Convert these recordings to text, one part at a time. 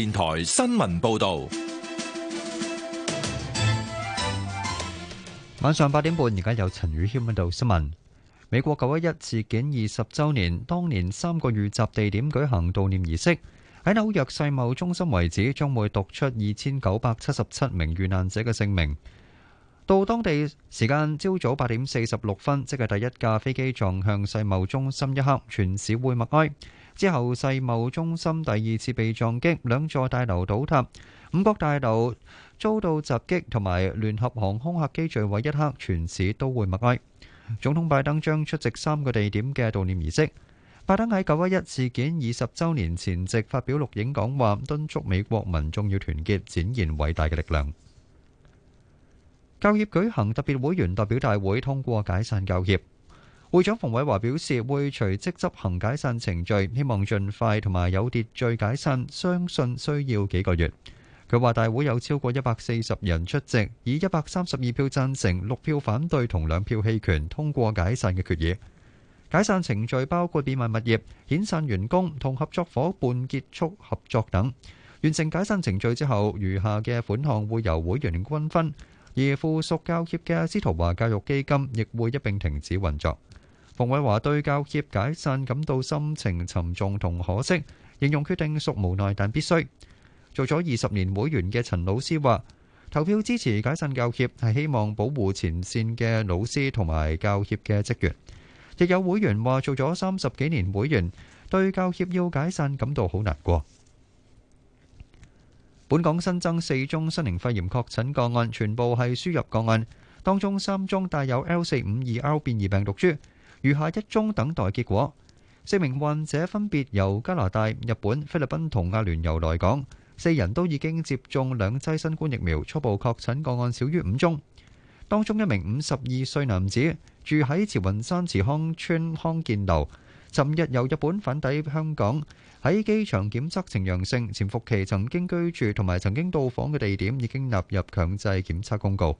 電台新聞報道，晚上八點半，而家有陳宇謙報道新聞。美國九一一事件二十周年，當年三個遇襲地點舉行悼念儀式，喺紐約世貿中心遺址，將會讀出二千九百七十七名遇難者嘅姓名。到當地時間朝早八點四十六分，即係第一架飛機撞向世貿中心一刻，全市會默哀。之後世貿中心第二次被撞擊，兩座大樓倒塌，五角大樓遭到襲擊，同埋聯合航空客機墜毀一刻，全市都會默哀。總統拜登將出席三個地點嘅悼念儀式。拜登喺九一一事件二十周年前夕發表錄影講話，敦促美國民眾要團結，展現偉大嘅力量。教協舉行特別會員代表大會，通過解散教協。會長馮偉華表示，會隨即執行解散程序，希望盡快同埋有秩序解散。相信需要幾個月。佢話大會有超過一百四十人出席，以一百三十二票贊成、六票反對同兩票棄權通過解散嘅決議。解散程序包括變賣物業、遣散員工同合作伙伴結束合作等。完成解散程序之後，餘下嘅款項會由會員均分，而附屬教協嘅司徒華教育基金亦會一併停止運作。馮偉華對教協解散感到心情沉重同可惜，形容決定屬無奈但必須。做咗二十年會員嘅陳老師話：投票支持解散教協係希望保護前線嘅老師同埋教協嘅職員。亦有會員話做咗三十幾年會員，對教協要解散感到好難過。本港新增四宗新型肺炎確診個案，全部係輸入個案，當中三宗帶有 L 四五二 R 變異病毒株。餘下一宗等待結果，四名患者分別由加拿大、日本、菲律賓同阿聯酋來港，四人都已經接種兩劑新冠疫苗。初步確診個案少於五宗，當中一名五十二歲男子住喺慈雲山慈康邨康健樓，尋日由日本返抵香港，喺機場檢測呈陽性，潛伏期曾經居住同埋曾經到訪嘅地點已經納入強制檢測公告。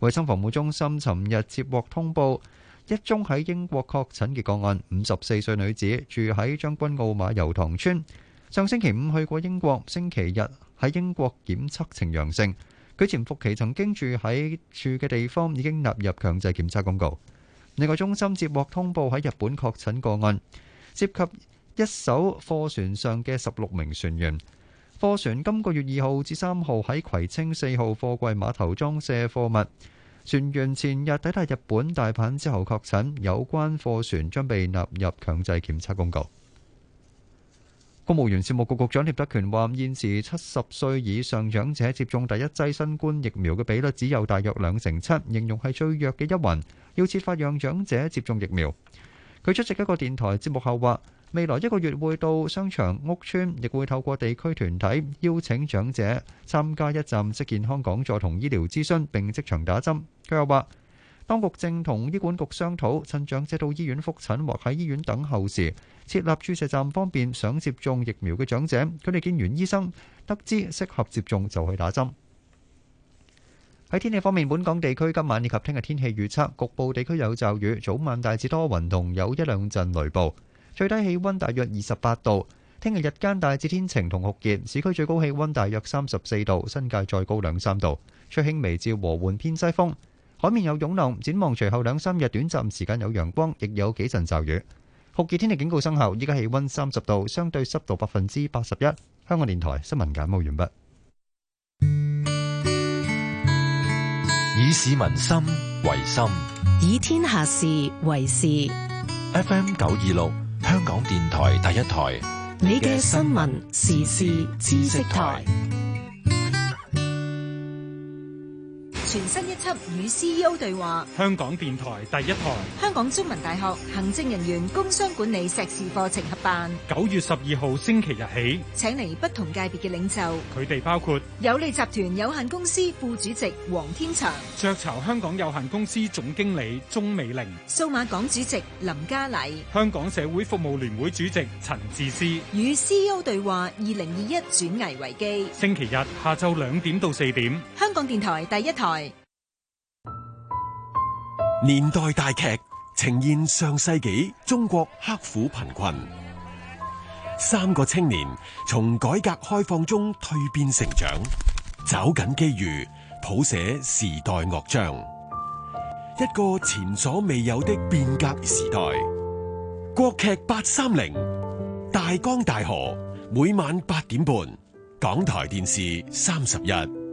衞生防護中心尋日接獲通報。一宗喺英國確診嘅個案，五十四歲女子住喺將軍澳馬油塘村，上星期五去過英國，星期日喺英國檢測呈陽性。佢潛伏期曾經住喺住嘅地方已經納入強制檢測公告。另外中心接獲通報喺日本確診個案，涉及一艘貨船上嘅十六名船員。貨船今個月二號至三號喺葵青四號貨櫃碼頭裝卸貨物。船員前日抵達日本大阪之後確診，有關貨船將被納入強制檢測公告。公務員事務局局長聶德權話：現時七十歲以上長者接種第一劑新冠疫苗嘅比率只有大約兩成七，形容係最弱嘅一環，要設法讓長者接種疫苗。佢出席一個電台節目後話。未來一個月會到商場、屋村，亦會透過地區團體邀請長者參加一站式健康講座同醫療諮詢並即場打針。佢又話，當局正同醫管局商討，趁長者到醫院復診或喺醫院等候時設立注射站，方便想接種疫苗嘅長者。佢哋見完醫生，得知適合接種就去打針。喺天氣方面，本港地區今晚以及聽日天氣預測，局部地區有驟雨，早晚大致多雲，同有一兩陣雷暴。最低氣溫大約二十八度，聽日日間大致天晴同酷熱，市區最高氣溫大約三十四度，新界再高兩三度。吹輕微至和緩偏西風，海面有湧浪。展望隨後兩三日，短暫時間有陽光，亦有幾陣驟雨。酷熱天氣警告生效，依家氣温三十度，相對濕度百分之八十一。香港電台新聞簡報完畢。以市民心為心，以天下事為事。FM 九二六。香港電台第一台，你嘅新聞時事知識台。全新一輯與 CEO 對話，香港電台第一台，香港中文大學行政人員工商管理碩士課程合辦。九月十二號星期日起，請嚟不同界別嘅領袖，佢哋包括有利集團有限公司副主席黃天祥、雀巢香港有限公司總經理鍾美玲、數碼港主席林家禮、香港社會服務聯會主席陳智思。與 CEO 對話，二零二一轉危為機。星期日下晝兩點到四點，香港電台第一台。年代大劇呈現上世紀中國刻苦貧困，三個青年從改革開放中蛻變成長，抓緊機遇，譜寫時代樂章。一個前所未有的變革時代，國劇八三零大江大河，每晚八點半，港台電視三十一。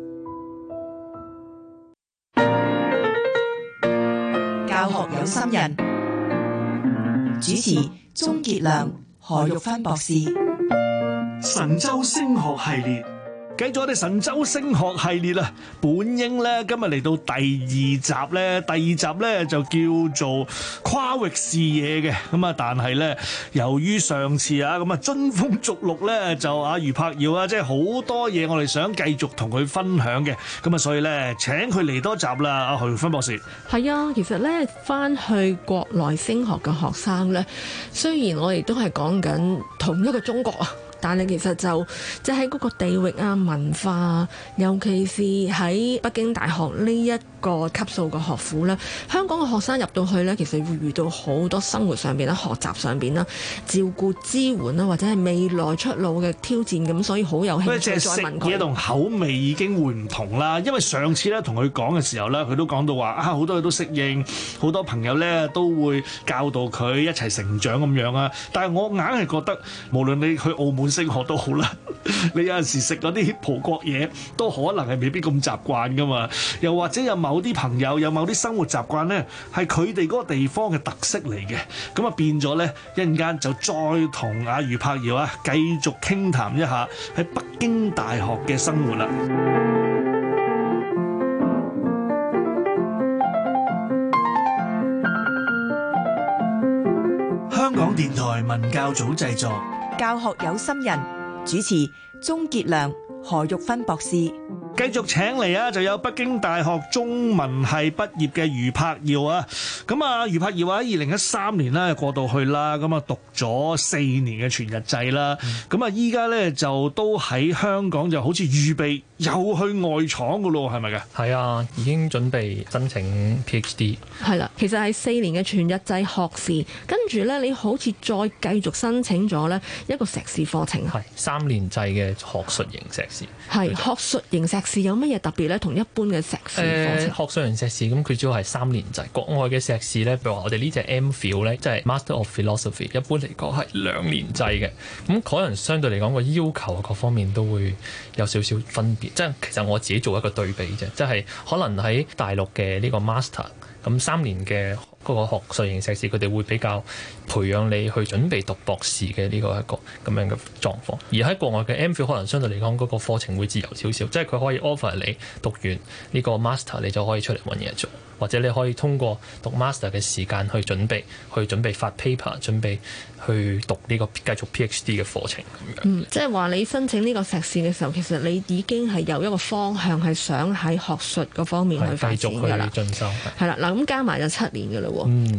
有心人主持：鍾杰亮、何玉芬博士，《神州升學系列》。繼續我哋神州升學系列啦，本英咧，今日嚟到第二集咧，第二集咧就叫做跨域視野嘅。咁啊，但係咧由於上次啊咁啊，臻峯逐鹿咧，就啊余栢耀啊，即係好多嘢，我哋想繼續同佢分享嘅，咁啊，所以咧請佢嚟多集啦，阿、啊、徐芬博士。係啊，其實咧翻去國內升學嘅學生咧，雖然我哋都係講緊同一個中國啊。但你其實就即係喺嗰個地域啊、文化啊，尤其是喺北京大學呢一。個級數個學府啦，香港嘅學生入到去呢，其實會遇到好多生活上邊啦、學習上邊啦、照顧支援啦，或者係未來出路嘅挑戰，咁，所以好有興趣再問佢。食嘢同口味已經會唔同啦，因為上次呢，同佢講嘅時候呢，佢都講到話啊，好多嘢都適應，好多朋友呢都會教導佢一齊成長咁樣啊。但係我硬係覺得，無論你去澳門升學都好啦， 你有陣時食嗰啲葡國嘢都可能係未必咁習慣㗎嘛，又或者有某某啲朋友有某啲生活習慣呢係佢哋嗰個地方嘅特色嚟嘅，咁啊變咗呢一陣間就再同阿余栢耀啊繼續傾談，談一下喺北京大學嘅生活啦。香港電台文教組製作，教學有心人主持，鍾傑良、何玉芬博士。繼續請嚟啊！就有北京大學中文系畢業嘅余柏耀啊！咁啊，余柏耀話喺二零一三年咧過到去啦，咁啊讀咗四年嘅全日制啦，咁啊依家咧就都喺香港就好似預備又去外闖噶咯，係咪嘅？係啊，已經準備申請 PhD。係啦、啊，其實係四年嘅全日制學士，跟住咧你好似再繼續申請咗咧一個碩士課程係三年制嘅學術型碩士。係是錯學術型碩。士有乜嘢特別咧？同一般嘅碩士課程，呃、學士完碩士咁，佢主要係三年制。國外嘅碩士咧，譬如話我哋呢隻 M Phil 咧，即係 Master of Philosophy，一般嚟講係兩年制嘅。咁可能相對嚟講個要求啊，各方面都會有少少分別。即係其實我自己做一個對比啫，即係可能喺大陸嘅呢個 Master 咁三年嘅。嗰個學術型碩士，佢哋會比較培養你去準備讀博士嘅呢個一個咁樣嘅狀況。而喺國外嘅 MPhil 可能相對嚟講，嗰個課程會自由少少，即係佢可以 offer 你讀完呢個 master，你就可以出嚟揾嘢做，或者你可以通過讀 master 嘅時間去準備，去準備發 paper，準備去讀呢個繼續 PhD 嘅課程咁樣。嗯，即係話你申請呢個碩士嘅時候，其實你已經係有一個方向係想喺學術嗰方面去發展。繼續去進修係。係啦，嗱咁加埋就七年㗎啦。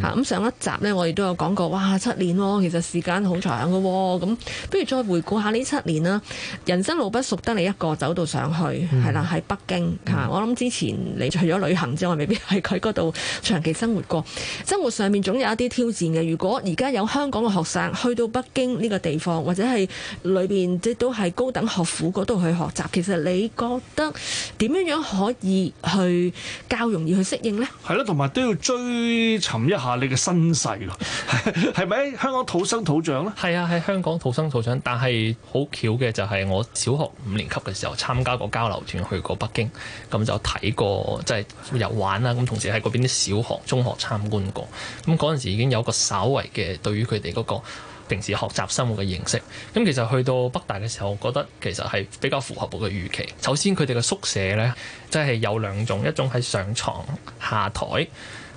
咁、嗯、上一集呢，我哋都有講過，哇七年喎，其實時間好長嘅喎，咁不如再回顧一下呢七年啦。人生路不熟得你一個走到上去，係啦、嗯，喺北京、嗯、我諗之前你除咗旅行之外，未必喺佢嗰度長期生活過。生活上面總有一啲挑戰嘅。如果而家有香港嘅學生去到北京呢個地方，或者係裏面即都係高等學府嗰度去學習，其實你覺得點樣樣可以去較容易去適應呢？係咯，同埋都要追尋一下你嘅身世咯，係 咪香港土生土長咧？係啊，喺香港土生土長，但係好巧嘅就係我小學五年級嘅時候參加過交流團去過北京，咁就睇過即係遊玩啦。咁同時喺嗰邊啲小學、中學參觀過，咁嗰陣時已經有個稍微嘅對於佢哋嗰個平時學習生活嘅認識。咁其實去到北大嘅時候，我覺得其實係比較符合我嘅預期。首先佢哋嘅宿舍呢，即係有兩種，一種係上床、下台。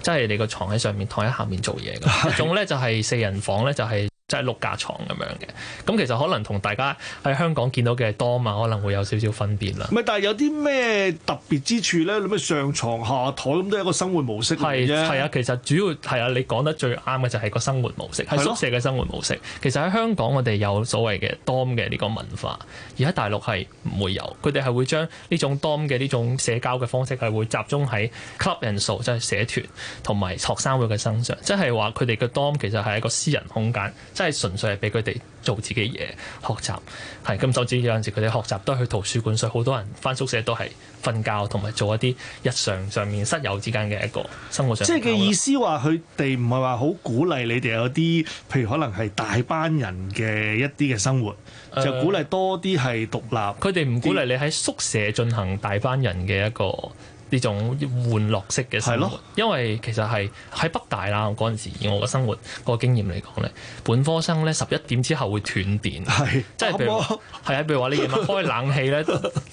即係你個床喺上面，台喺下面做嘢嘅一種咧，的就係四人房咧，就是，就係。就係六架床咁樣嘅，咁其實可能同大家喺香港見到嘅 dorm 嘛可能會有少少分別啦。唔係，但係有啲咩特別之處咧？你咪上床下枱咁都係一個生活模式嚟啫。係啊，其實主要係啊，你講得最啱嘅就係個生活模式，係宿舍嘅生活模式。的其實喺香港，我哋有所謂嘅 dorm 嘅呢個文化，而喺大陸係唔會有。佢哋係會將呢種 dorm 嘅呢種社交嘅方式係會集中喺 club and society，即係社團同埋學生會嘅身上，即係話佢哋嘅 dorm 其實係一個私人空間。真係純粹係俾佢哋做自己嘢學習，係咁。甚至有陣時佢哋學習都係去圖書館，所以好多人返宿舍都係瞓覺同埋做一啲日常上面室友之間嘅一個生活上。即係嘅意思話，佢哋唔係話好鼓勵你哋有啲，譬如可能係大班人嘅一啲嘅生活，就鼓勵多啲係獨立。佢哋唔鼓勵你喺宿舍進行大班人嘅一個。呢種玩樂式嘅生活，係咯，因為其實係喺北大啦，嗰陣時以我嘅生活個經驗嚟講咧，本科生咧十一點之後會斷電，係即係譬如啊，譬如話你夜晚開冷氣咧，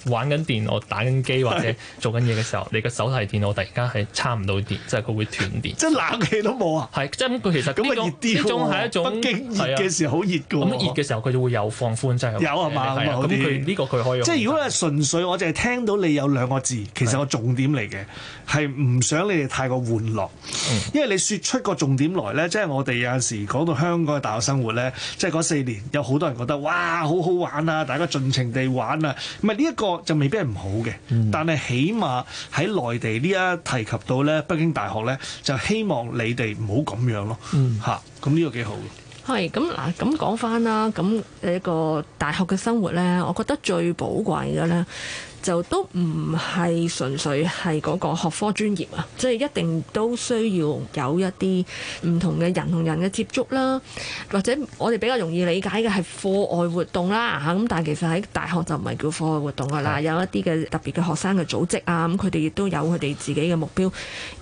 玩緊電腦打緊機或者做緊嘢嘅時候，你嘅手提電腦突然間係差唔到電，即係佢會斷電，即係冷氣都冇啊，係即係咁佢其實咁種呢係一種北京熱嘅時候好熱嘅，咁熱嘅時候佢就會有放寬真係有係嘛，咁佢呢個佢開即係如果係純粹我淨係聽到你有兩個字，其實我重點。點嚟嘅係唔想你哋太過玩樂，因為你說出個重點來呢，即係我哋有陣時講到香港嘅大學生活呢，即係嗰四年，有好多人覺得哇好好玩啊，大家盡情地玩啊，唔係呢一個就未必係唔好嘅，但係起碼喺內地呢一提及到呢，北京大學呢，就希望你哋唔好咁樣咯，吓咁呢個幾好嘅。係咁嗱，咁講翻啦，咁一個大學嘅生活呢，我覺得最寶貴嘅呢。就都唔係純粹係嗰個學科專業啊，即係一定都需要有一啲唔同嘅人同人嘅接觸啦，或者我哋比較容易理解嘅係課外活動啦吓，咁但係其實喺大學就唔係叫課外活動噶啦，是有一啲嘅特別嘅學生嘅組織啊，咁佢哋亦都有佢哋自己嘅目標，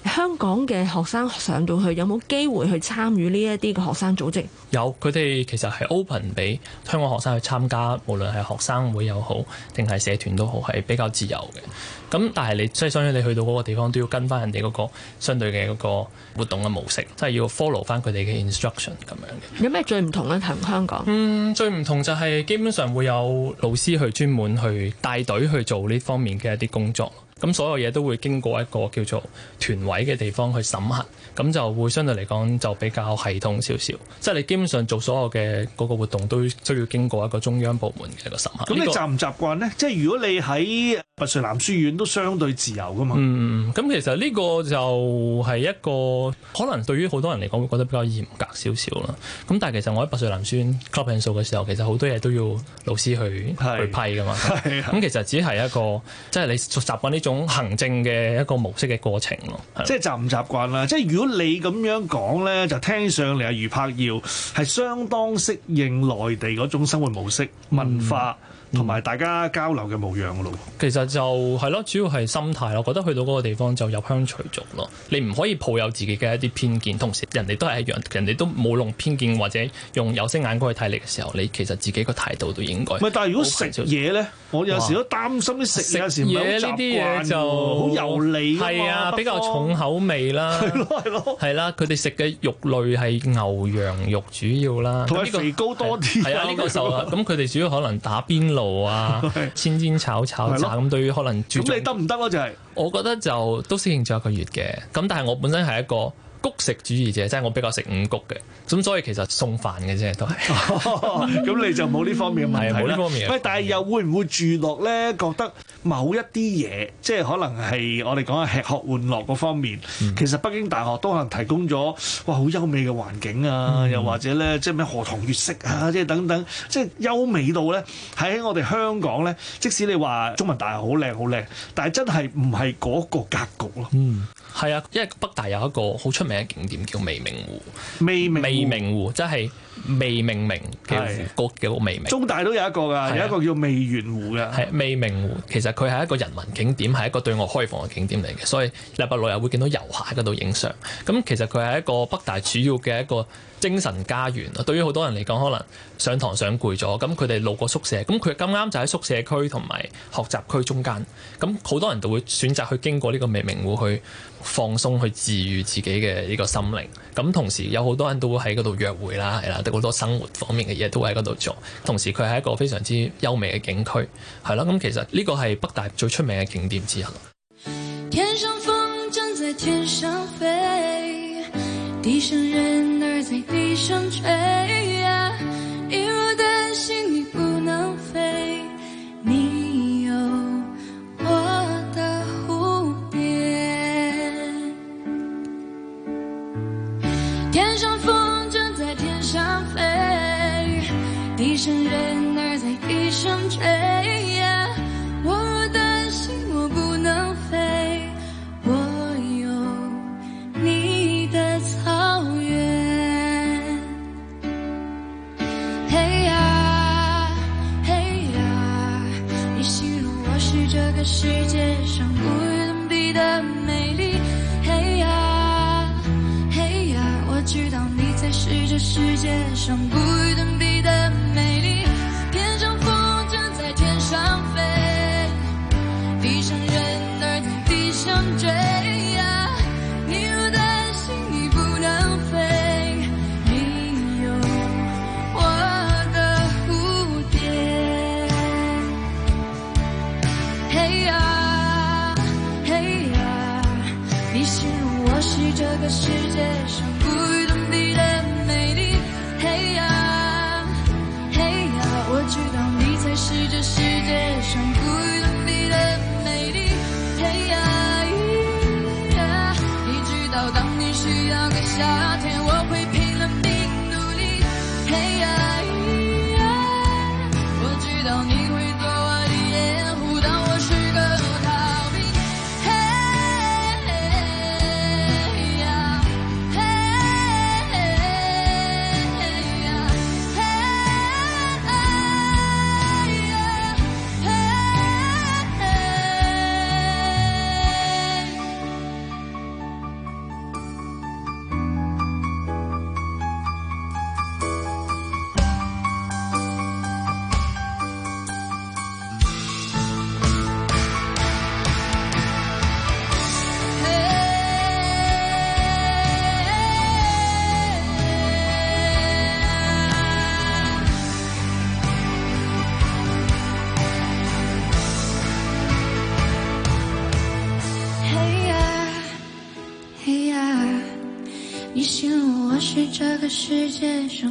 香港嘅學生上到去有冇機會去參與呢一啲嘅學生組織？有，佢哋其實係 open 俾香港學生去參加，無論係學生會又好，定係社團都好，係。比較自由嘅，咁但係你所以相當你去到嗰個地方都要跟翻人哋嗰個相對嘅嗰個活動嘅模式，即係要 follow 翻佢哋嘅 instruction 咁樣嘅。有咩最唔同咧同香港？嗯，最唔同就係基本上會有老師去專門去帶隊去做呢方面嘅一啲工作。咁所有嘢都會經過一個叫做團委嘅地方去審核，咁就會相對嚟講就比較系統少少。即係你基本上做所有嘅嗰個活動都需要經過一個中央部門嘅一個審核。咁你習唔習慣咧？即係、這個、如果你喺拔萃男書院都相對自由噶嘛。嗯，咁其實呢個就係一個可能對於好多人嚟講會覺得比較嚴格少少啦。咁但係其實我喺拔萃男書院 graduating 嘅時候，其實好多嘢都要老師去是去批噶嘛。咁的其實只係一個即係你習慣呢種。行政嘅一個模式嘅過程咯，即係習唔習慣啦。即係如果你咁樣講咧，就聽上嚟啊，余栢耀係相當適應內地嗰種生活模式文化。嗯同埋大家交流嘅模樣咯、嗯，嗯、其實就係咯，主要係心態咯。我覺得去到嗰個地方就入鄉隨俗咯。你唔可以抱有自己嘅一啲偏見，同時人哋都係一樣，人哋都冇用偏見或者用有色眼光去睇你嘅時候，你其實自己個態度都應該。但係如果食嘢呢，我有時都擔心啲食嘢呢啲嘢就好油膩，係啊，方比較重口味啦。係咯係咯，係啦，佢哋食嘅肉類係牛羊肉主要啦，同埋肥膏多啲、啊。係呢、呢個就咁，佢哋、呢個、 主要可能打邊爐。做啊，煎煎炒炒炸咁，的對於可能注重咁你得唔得啊？就係我覺得就都適應咗一個月嘅，咁但係我本身係一個。穀食主義者，即係我比較食五穀嘅，咁所以其實送飯嘅啫，都 係、哦。咁你就冇呢方面嘅問題，冇呢、嗯、方面。喂，但係又會唔會住落咧？覺得某一啲嘢，即係可能係我哋講嘅吃喝玩樂嗰方面，嗯、其實北京大學都可能提供咗哇好優美嘅環境啊，嗯、又或者咧，即係咩荷塘月色啊，即係等等，即係優美到咧喺我哋香港咧，即使你話中文大學好靚好靚，但係真係唔係嗰個格局咯。嗯。係啊，因為北大有一個好出名嘅景點叫未名湖。未名湖即係未命名嘅湖，個、啊、叫未名湖。中大都有一個噶，啊、有一個叫未圓湖噶。係未名湖，其實佢係一個人文景點，係一個對外開放嘅景點嚟嘅，所以禮拜六日會見到遊客喺度影相。咁其實佢係一個北大主要嘅一個。精神家園，對於好多人嚟講，可能上堂上攰咗，咁佢哋路過宿舍，咁佢咁啱就喺宿舍區同埋學習區中間，咁好多人都會選擇去經過呢個未名湖去放鬆去治愈自己嘅呢個心靈，咁同時有好多人都會喺嗰度約會啦，係啦，好多生活方面嘅嘢都會喺嗰度做，同時佢係一個非常之優美嘅景區，係咯，咁其實呢個係北大最出名嘅景點之一。天上風箏在天上飛地上人兒在地上追。世界上。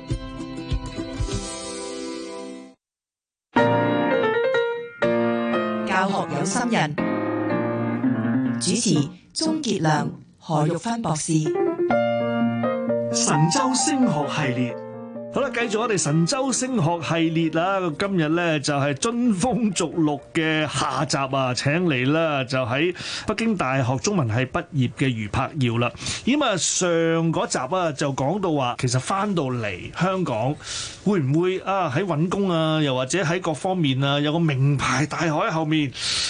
有心人，主持鍾杰良、何玉芬博士，神州升學系列。好啦，繼續我哋神州升學系列啦，今日咧就係《臻峯逐鹿》嘅下集啊，請嚟啦，就喺北京大學中文系畢業嘅余栢耀啦。咁啊，上嗰集啊就講到話，其實翻到嚟香港會唔會啊喺搵工啊，又或者喺各方面啊，有個名牌大學後面，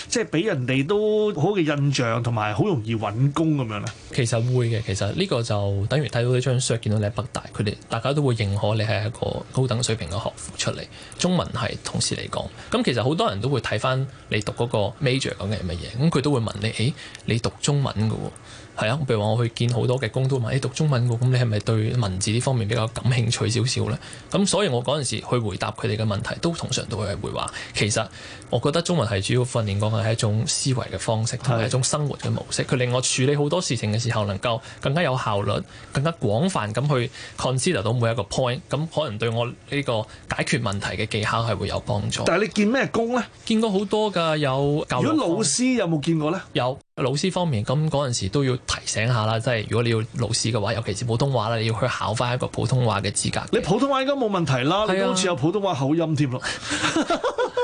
即係俾人哋都好嘅印象，同埋好容易搵工咁樣咧？其實會嘅，其實呢個就等於睇到呢張相，見到你喺北大，佢哋大家都會認可你。係一個高等水平嘅學府出嚟，中文係同時嚟講，咁其實好多人都會睇翻你讀嗰個 major 講嘅係乜嘢，咁佢都會問你：誒，你讀中文嘅喎？係啊，譬如話我去見好多嘅工都問你讀中文喎，咁你係咪對文字呢方面比較感興趣少少咧？咁所以我嗰陣時去回答佢哋嘅問題，都通常都係會話，其實我覺得中文係主要訓練講嘅係一種思維嘅方式，同埋一種生活嘅模式。佢令是我處理好多事情嘅時候，能夠更加有效率、更加廣泛咁去 consider 到每一個 point。咁可能對我呢個解決問題嘅技巧係會有幫助。但係你見咩工咧？見過好多㗎，有教育。如果老師有冇見過咧？有老師方面，咁嗰陣時都要。提醒下啦，即係如果你要老師嘅話，尤其是普通話啦，你要去考翻一個普通話嘅資格的。你普通話應該冇問題啦，啊、你好似有普通話口音添咯。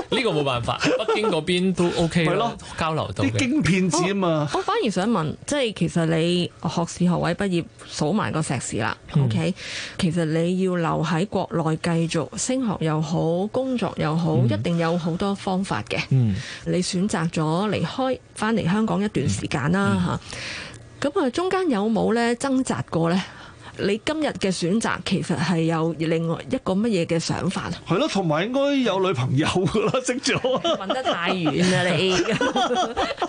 呢 個冇辦法，喺北京嗰邊都 OK 咯、 啊，交流到的。京片子啊嘛我。我反而想問，即係其實你學士學位畢業，數埋個碩士啦、嗯、，OK。其實你要留喺國內繼續升學又好，工作又好，嗯、一定有好多方法嘅。嗯、你選擇咗離開，翻嚟香港一段時間啦，嚇、嗯。嗯嗯咁啊，中間有冇咧掙扎過呢？你今日嘅選擇其實係有另外一個乜嘢嘅想法啊？係咯，同埋應該有女朋友噶啦，識咗。問 得太遠啊！你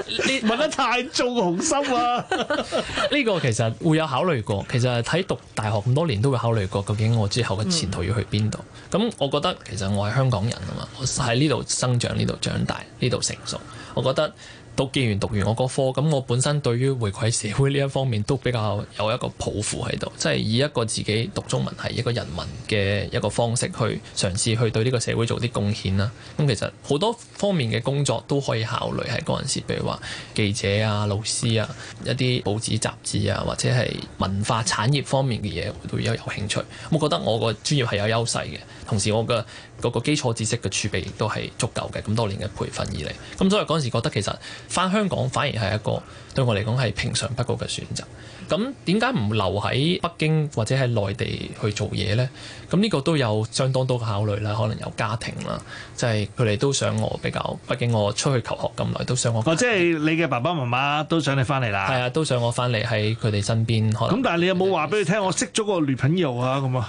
你問 得太縱雄心啊！呢 個其實會有考慮過，其實喺睇讀大學咁多年都會考慮過，究竟我之後嘅前途要去邊度？咁、嗯、我覺得其實我係香港人啊嘛，我喺呢度生長、呢度長大、呢度成熟，我覺得。讀完讀完我嗰科，咁我本身對於回饋社會呢一方面都比較有一個抱負喺度，即係以一個自己讀中文系一個人民嘅一個方式去嘗試去對呢個社會做啲貢獻啦。咁其實好多方面嘅工作都可以考慮喺嗰陣時，譬如話記者啊、老師啊、一啲報紙雜誌啊，或者係文化產業方面嘅嘢，都有，有興趣。我覺得我個專業係有優勢嘅。同時，我嘅嗰個基礎知識嘅儲備亦都係足夠嘅，咁多年嘅培訓以嚟。咁所以嗰陣時覺得其實返香港反而係一個對我嚟講係平常不過嘅選擇。咁點解唔留喺北京或者喺內地去做嘢呢？咁呢個都有相當多嘅考慮啦，可能有家庭啦，就係佢哋都想我比較，畢竟我出去求學咁耐，都想我。哦，即係你嘅爸爸媽媽都想你翻嚟啦。係啊，都想我翻嚟喺佢哋身邊。可能咁，但係你有冇話俾你聽？嗯、我識咗個女朋友啊！咁啊，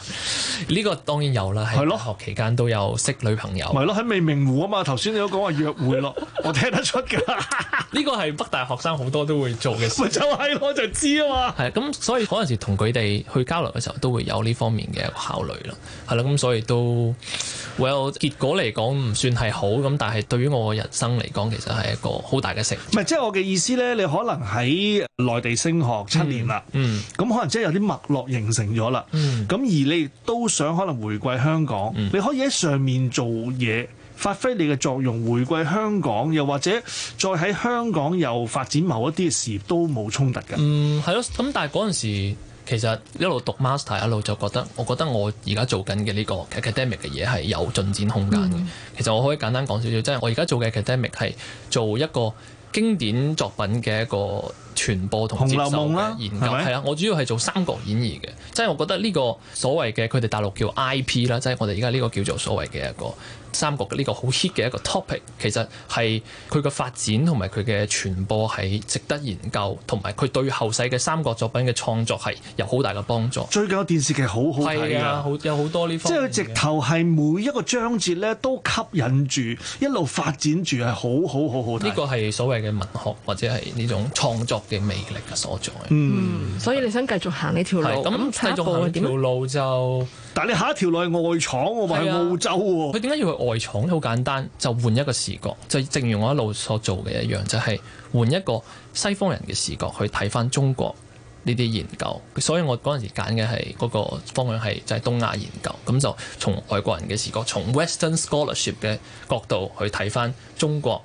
呢個當然有啦。係囉。學期間都有識女朋友。咪咯，喺未名湖啊嘛！頭先你都講話約會咯，我聽得出㗎。呢 個係北大學生好多都會做嘅事。 就係，我就知啊嘛。係咁，所以嗰陣時同佢哋去交流嘅時候，都會有呢方面嘅考慮啦。係啦，咁所以都唯有、Well, 結果嚟講唔算係好咁，但係對於我人生嚟講，其實係一個好大嘅成。唔係，即係我嘅意思咧，你可能喺內地升學七年啦、嗯，嗯，咁可能即係有啲脈絡形成咗啦，嗯，咁而你都想可能回歸香港，嗯、你可以喺上面做嘢。發揮你嘅作用，回歸香港，又或者再喺香港又發展某一啲事業都冇衝突嘅。嗯，係咯。咁但係嗰陣時其實一路讀 master 一路就覺得，我覺得我而家做緊嘅呢個 academic 嘅嘢係有進展空間嘅。嗯。其實我可以簡單講少少，即係我而家做嘅 academic 係做一個經典作品嘅一個傳播同接受嘅研究係啊，啊！我主要係做《三國演義》嘅，即係我覺得呢個所謂嘅佢哋大陸叫 IP 啦，即係我哋而家呢個叫做所謂嘅一個《三國》嘅呢個好 hit 嘅一個 topic。其實係佢嘅發展同埋佢嘅傳播係值得研究，同埋佢對後世嘅《三國》作品嘅創作係有好大嘅幫助。最近嘅電視劇很好好睇㗎，有好多呢方面，即係佢直頭係每一個章節咧都吸引住，一路發展住係好好好好睇。呢個係所謂嘅文學或者係呢種創作。嘅魅力嘅所在，嗯，所以你想繼續行呢條路，咁繼續行條路就，但係你下一條路係外廠喎，或係澳洲喎，佢點解要去外廠咧？好簡單，就換一個視角，就正如我一路所做嘅一樣，就係、是、換一個西方人嘅視角去睇翻中國呢啲研究。所以我嗰陣時揀嘅係嗰個方向係就係東亞研究，咁就從外國人嘅視角，從 Western scholarship 嘅角度去睇翻中國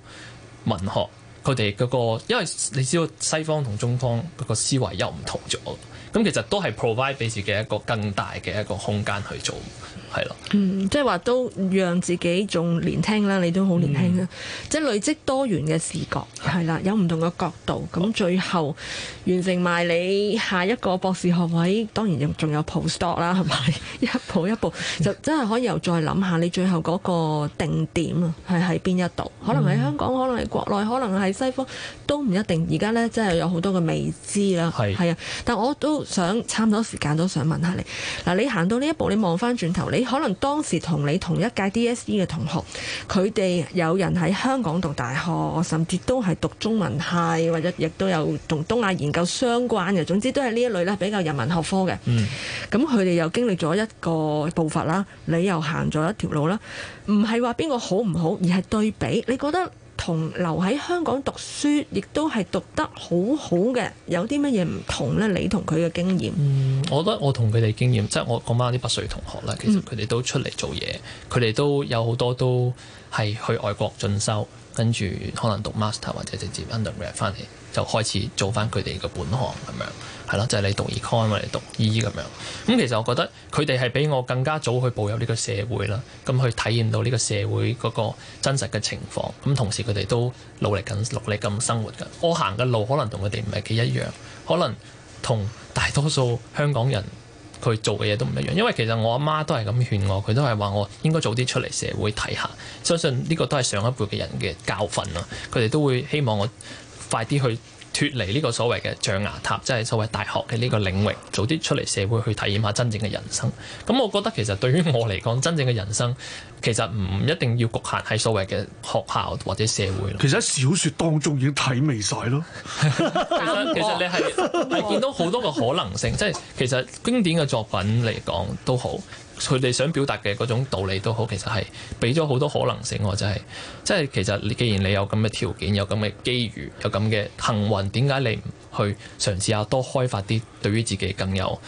文學。佢哋嗰個，因為你知道西方同中方嗰個思維又唔同咗，咁其實都係 provide 俾自己一個更大嘅一個空間去做。嗯，即係話都讓自己仲年輕啦，你都好年輕啦，嗯、即係累積多元嘅視覺，係啦，有唔同嘅角度，咁最後完成埋你下一個博士學位，當然仲有 postdoc 啦，係咪？嗯、一步一步 就真係可以又再諗下你最後嗰個定點啊，係喺邊一度？可能喺香港，可能係國內，可能喺西方，都唔一定。而家呢，真係有好多嘅未知啦，係啊是，但我都想差唔多時間都想問下你，嗱，你行到呢一步，你望翻轉頭你。可能當時同你同一屆 DSE 嘅同學，佢哋有人喺香港讀大學，甚至都係讀中文系，或者亦都有同東亞研究相關嘅，總之都係呢一類咧比較人文學科嘅。噉佢哋又經歷咗一個步伐啦，你又行咗一條路啦，唔係話邊個好唔好，而係對比，你覺得？同留喺香港讀書，亦都係讀得好好嘅，有啲乜嘢唔同呢？你同佢嘅經驗？嗯，我覺得我同佢哋經驗，即係我嗰班啲八歲同學啦，其實佢哋都出嚟做嘢，佢哋都有好多都係去外國進修，跟住可能讀 master 或者直接 undergrad 返翻嚟。就開始做翻佢哋嘅本行咁樣，係咯，就係你讀醫科，我哋讀醫咁樣。咁其實我覺得佢哋係比我更加早去步入呢個社會啦，咁去體驗到呢個社會嗰個真實嘅情況。咁同時佢哋都努力緊，努力咁生活嘅。我行嘅路可能同佢哋唔係幾一樣，可能同大多數香港人佢做嘅嘢都唔一樣。因為其實我阿媽都係咁勸我，佢都係話我應該早啲出嚟社會睇下。相信呢個都係上一輩嘅人嘅教訓啦。佢哋都會希望我。快啲去脫離呢個所謂嘅象牙塔，即係所謂大學嘅呢個領域，早啲出嚟社會去體驗一下真正嘅人生。咁我覺得其實對於我嚟講，真正嘅人生其實唔一定要局限喺所謂嘅學校或者社會咯。其實小說當中已經體味晒咯。其實其實你係你 見到好多個可能性，即係其實經典嘅作品嚟講都好。佢哋想表達嘅嗰種道理都好，其實係俾咗好多可能性，我就係、是、即係其實，既然你有咁嘅條件，有咁嘅機遇，有咁嘅幸運，點解你唔去嘗試下多開發啲對於自己更有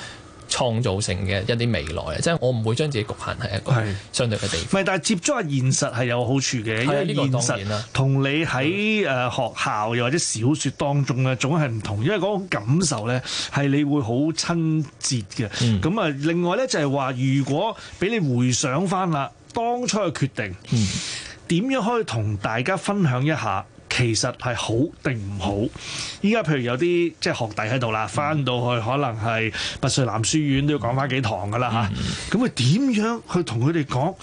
創造性嘅一啲未來即係、就是、我唔會將自己局限喺一個相對嘅地方。但係接觸下現實係有好處嘅，因為現實同你喺誒學校又或者小説當中呢，總係唔同，嗯、因為嗰種感受呢係你會好親切嘅。咁啊、嗯，另外呢就係話，如果俾你回想翻啦，當初嘅決定點、嗯、樣可以同大家分享一下？其實係好定唔好？依家譬如有啲即係學弟喺度啦，翻、嗯、到去可能係拔萃男書院都要講翻幾堂噶啦吓，咁佢點樣去同佢哋講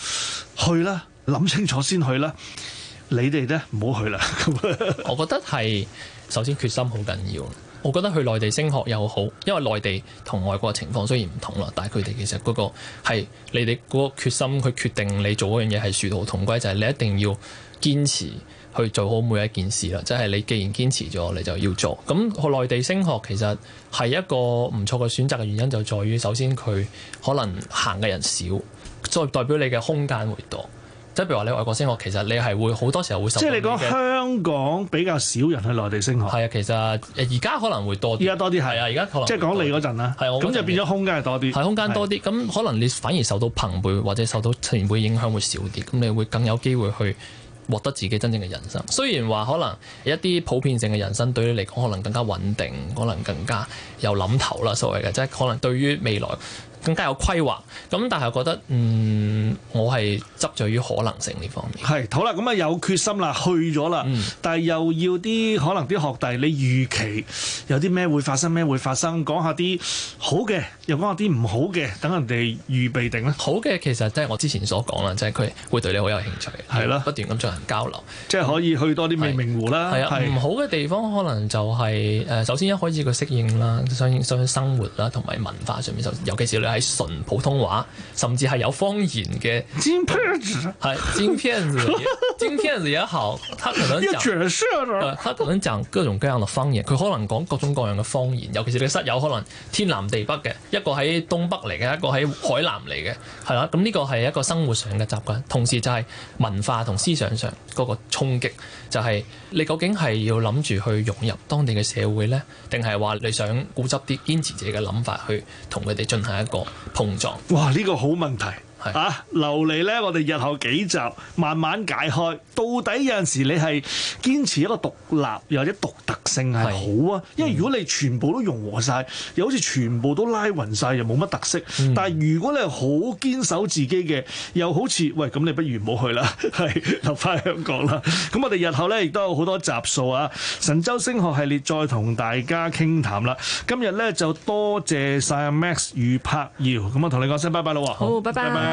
去啦？諗清楚先去啦。你哋呢，唔好去啦。 我覺得係首先決心好緊要。我覺得去內地升學又好，因為內地同外國情況雖然唔同咯，但係佢哋其實嗰、嗰個係你哋嗰個決心，佢決定你做嗰樣嘢係殊途同歸，就係、係、你一定要堅持。去做好每一件事啦，即係你既然堅持咗，你就要做。咁內地升學其實係一個唔錯嘅選擇嘅原因，就在於首先佢可能行嘅人少，再代表你嘅空間會多。即係譬如話你外國升學，其實你係會好多時候會受到即係你講香港比較少人去內地升學。係啊，其實而家可能會多啲。而家多啲，係啊，而家即係講你嗰陣啦。咁點就變咗空間係多啲。係空間多啲，咁的可能你反而受到朋輩或者受到前輩影響會少啲，咁你會更有機會去獲得自己真正嘅人生，雖然話可能一啲普遍性嘅人生對你嚟講可能更加穩定，可能更加有諗頭啦，所謂嘅，即係可能對於未來。更加有規劃，咁但係覺得嗯，我係執着於可能性呢方面。係好啦，咁啊有決心啦，去咗啦，嗯、但係又要啲可能啲學弟，你預期有啲咩會發生，咩會發生？講下啲好嘅，又講下啲唔好嘅，等人哋預備定啦。好嘅，其實即係我之前所講啦，即係佢會對你好有興趣，係啦的不斷咁進行交流，即係可以去多啲未名湖啦。係啊、嗯，唔的好嘅地方可能就係、是呃、首先一開始佢適應啦，適應相生活啦，同埋文化上面，尤其少兩。喺純普通話，甚至係有方言嘅金片子，係金片子， 金片子也好，他可能講要卷各咗。佢種加下落方言，佢可能講各種各樣嘅方言，言。尤其是你室友可能天南地北嘅，一個喺東北嚟嘅，一個喺海南嚟嘅，係啦。咁呢個係一個生活上嘅習慣，同時就係文化同思想上嗰個衝擊，就係、是、你究竟係要諗住去融入當地嘅社會呢？定係話你想固執啲堅持自己嘅諗法去同佢哋進行一個？碰撞！哇，呢、這個好問題。嚇留嚟咧，我哋日後幾集慢慢解開，到底有陣時你係堅持一個獨立又或者獨特性係好啊？的嗯、因為如果你全部都融合晒，又好似全部都拉勻晒，又冇乜特色。但係如果你係好堅守自己嘅，又好似喂咁，你不如唔好去啦，係 留翻香港啦。咁我哋日後咧亦都有好多集數啊，神州升學系列再同大家傾談啦。今日咧就多謝晒 Max 與柏耀，咁我同你講聲拜拜咯！好，拜拜。